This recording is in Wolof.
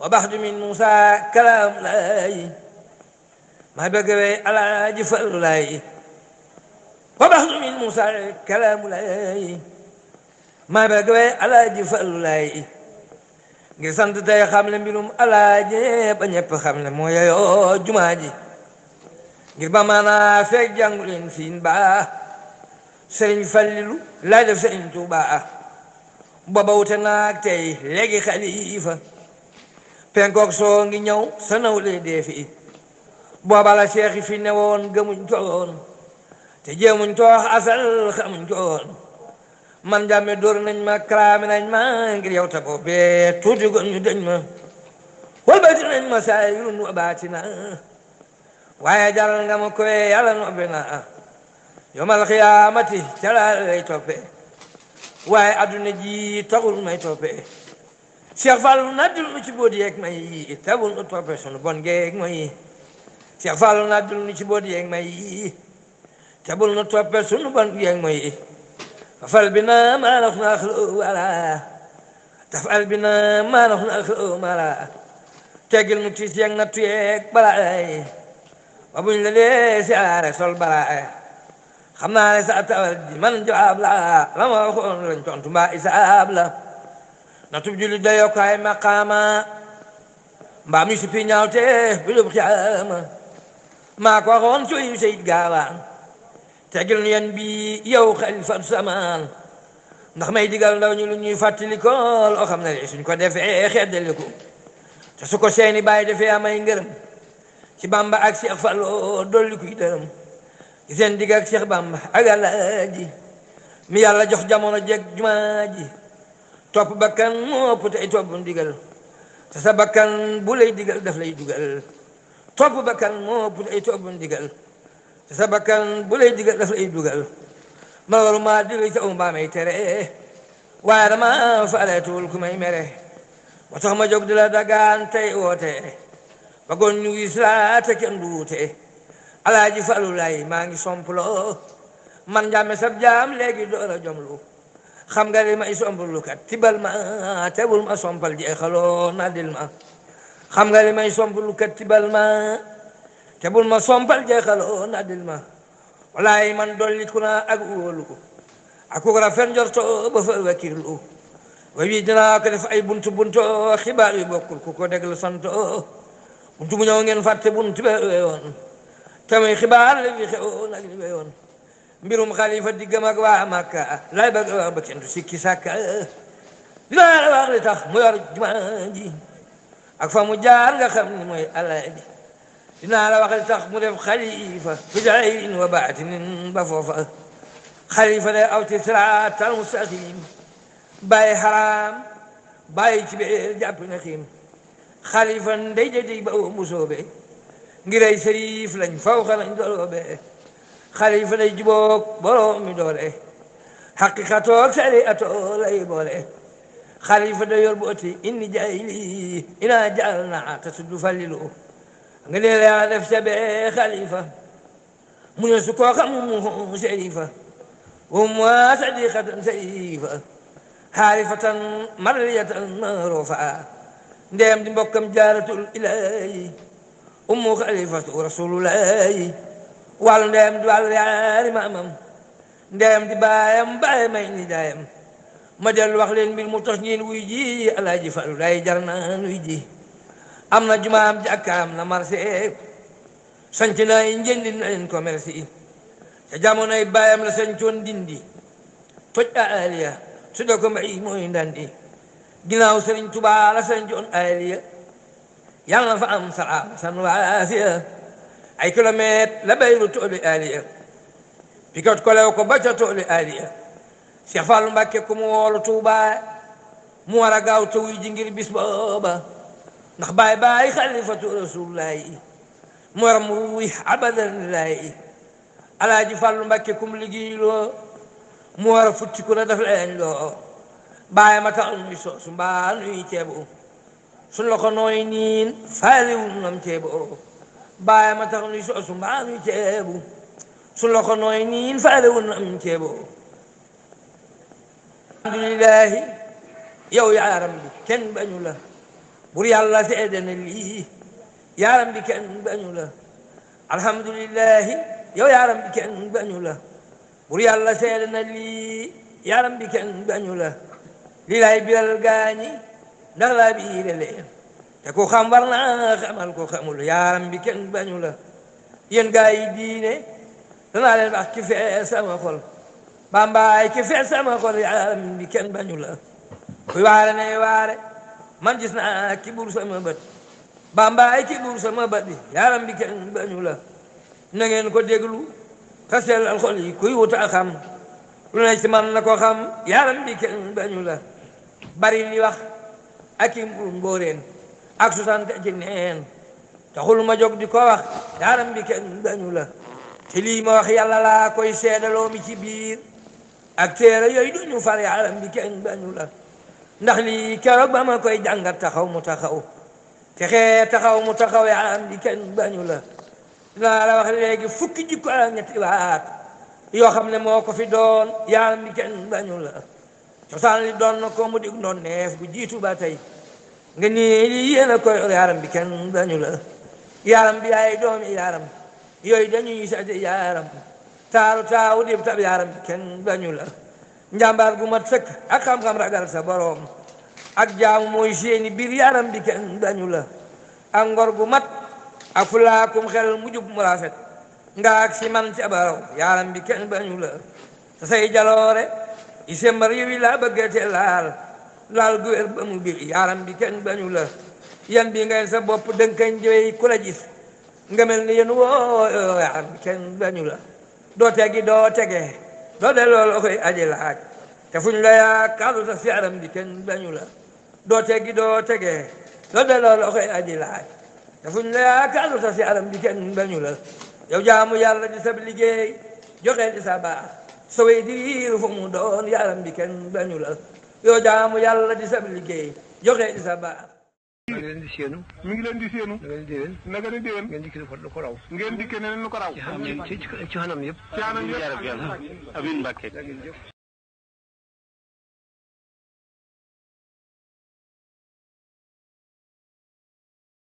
وبحد من موسى كلام لاي ما بقري على جفر لاي وبحد من موسى كلام لاي ما sant tey xam le mbirum alaaje ba ñëpp xam le moo yeyoo jumaa ji ngir ba maanaa feeg jàngu leen fiin baa sëriñ Fallilu laa def sëriñ Tuubaa booba wute naag tey léegi xalifa penkook soo ngi ñëw sa nawle dee fi booba la seexi fi newoon gëmuñ ko woon te jéemuñ ko asal xamuñ ko woon man jàmme dóor nañ ma kalaame nañ ma ngir yow ta boobee tuuti gon ñu dëñ ma walbati baati na waaye jaral nga ma koy yàlla nobbe na yomal xiyaamati ca laa lay toppe waaye adduna ji taxul may Cheikh Fall naddul nu ci boodi yeeg may yi tabul nu toppee sunu bon geeg may yi Cheikh Fall naddul nu ci boodi yeeg may yi nu toppee sunu bon geeg may yi fafal bi na maa naf na axlo wala tafal bi na maa naf na axlo mala teggil nu tiis yeeg nattu yeeg balaay ba buñ la dee si sol balaay xam naa sa tawal di man jawaab la la ma waxoon lañ tontu mbaa isaab la na jullit dayoo kaay maqaama mbaam yu suppi ñaawte bilub xiyaama maa ko waxoon suy sayid gaawaan tegil nu yen bi yow xalifat samaan ndax may digal ndaw ñu lu ñuy fàttalikool oo xam ne li suñ ko defee xeddaliku te su ko seeni bàyyi defee amay ngërëm ci bamba ak Cheikh Fallou dollikuy dërëm seen digg ak Cheikh Bamba ak Alaaji mi yàlla jox jamono jeg jumaa topp bakkan moo ëpp tey topp ndigal te sa bakkan bu lay digal daf lay dugal topp bakkan moo ëpp tey topp ndigal te sa bakkan bu lay digal daf lay dugal man waruma diri ca um baa may tere waaye dama faaleetuwul ku may mere ba tax ma jóg di la dagaan tey woote ba gon ñu gis laa te kenn du wuute alaaji falu lay maa ngi somplo man jaame sab jaam léegi door a jomlu xam nga li ma i sombulukat tibal ma tebul ma sompal jeexaloo na dil ma xam nga li ma i sombulukat ma tebul ma sompal jeexaloo na ma walaay man dolliku naa ak wóolu ko ak rafet njorto ba fa wakirlu way wi ko def ay buntu bunto xibaar yu bokkul ku ko déglu santo buntu bu ñëw ngeen fàtte buntu be woon tamit xibaar li fi xewoon ak li be woon mbirum xalifa diggam ak waa Makka lay bëgg wax ba kenn sikki sàkka dinaa la tax mu yor juma ak fa mu jaar nga xam ni mooy allah bi dinaa la wax tax mu def xalifa fi zahirin wa baatinin ba foofa xalifa day aw ci siraatal mustaqim bàyyi xaraam bàyyi ci biir jàpp na xiim xalifa ndey jëjëj ba musoobe ngiray sërif lañ faw xanañ doloobe xalifa lay jubóog borom mi doole xaqiqatoog sariyatoog inni jaay lii jaal naa te tudd falilu nga ne la def sa bee xalifa mu ne su serifa wa mu sadiqatan serifa xaarifatan marriyatan marofa ndeem di mbokkam jaaratul ilahi ummu xalifatu rasulullahi wàllu ndeyam di wàllu yaari maamam baayam baay may daayam ma dellu wax leen mbir mu tos ñiin wuy ji alaaji falu day jar na nuy ji am na jumaam jàkkaam na marché sanc na ay njëndi na leen commerce yi ca jamonoy baayam la sancoon dindi toj aaliya su da ko mbay mooy ndandi ginnaaw sëriñ tubaa la sancoon aaliya yàlla na san waasiya ay kilomètre la baylu tooli aliya pikot ko lew ko ba ca tooli aliya Cheikh Fallou Mbacké ku mu woolu Tuuba mu war gaaw taw ji ngir bis booba ndax baay baay xalifatu rasulullahi mu war mu wuy abadan laay alaaji Fallou Mbacké kum liggéey mu war futti ku la def leen loo baay ma tax so su mbaa nuy ceebu nooy niin faaliwu nam ceebu bàyyi ma tax nuy soosu mbaanu ceebu su loxo bañu la bur yàlla seede na lii yaaram bi kenn bañu yow yaaram bi kenn bañu li lay biral gaañi ndax laa biire leen te ku xam war naa xamal ku xamul yaaram bi kenn bañu gaa yi diine danaa leen wax ki fee sama bambaay ki fee sama yaaram bi kenn bañu yaaram bi kenn bañu ko déglu te sellal xol yi kuy wuta lu ne ci man na ko xam yaaram bi kenn bari li wax ak i mburu ak susan daje neen taxul ma jóg di ko wax daaram bi kenn dañu lii ma wax yàlla laa koy seedaloo mi ci biir ak téere yooyu duñu far yaaram bi kenn ndax lii keroog ba ma koy jàngat taxaw mu taxaw te taxaw mu taxaw yaaram bi kenn dañu la wax léegi fukki jikko ak ñetti baat yoo xam ne moo ko fi doon yaaram bi kenn cosaan li doon ko mu dig doon neef bu jiitu ba tey nga nii lii yéen a koy yor yaaram bi kenn dañu la bi yaay doom yaram yooyu dañuy sa yaaram taaru taawu dib tab bi kenn dañu la njàmbaar gu mat sëkk ak xam-xam ragal sa boroom ak jaamu mooy seeni biir yaaram bi kenn dañu la ak gu mat ak fulaakum xel mu jub mu rafet nga ak si man ci baraw bi kenn dañu sa say jaloore i sembar yi wi laa bëggatee laal laal gu wér ba mu biir yaaram bi kenn bañu la yan bi ngay sa bopp dënkañ jëwey ku la gis nga mel ni yéen woo yaaram bi kenn bañu la doo tegi doo tege doo de te fuñ la yaakaaru ta bi kenn bañu la doo tegi doo tege doo de loolu koy aji laaj te fuñ la yaakaaru ta si yaaram bi kenn bañu la yow jaamu yàlla di sab liggéey joxe di sa baax sowey diir fu mu doon yaaram bi kenn bañu la yoo jaamu yàlla di sab liggéey joxe sa baax. na nga di séenu. mi ngi leen di séenu. na nga leen di déwén. na nga leen di déwén. ngeen dikkee lu ko raw. ngeen dikkee neneen lu ko raw. ci xanam yëpp. ci xanam yëpp. amiin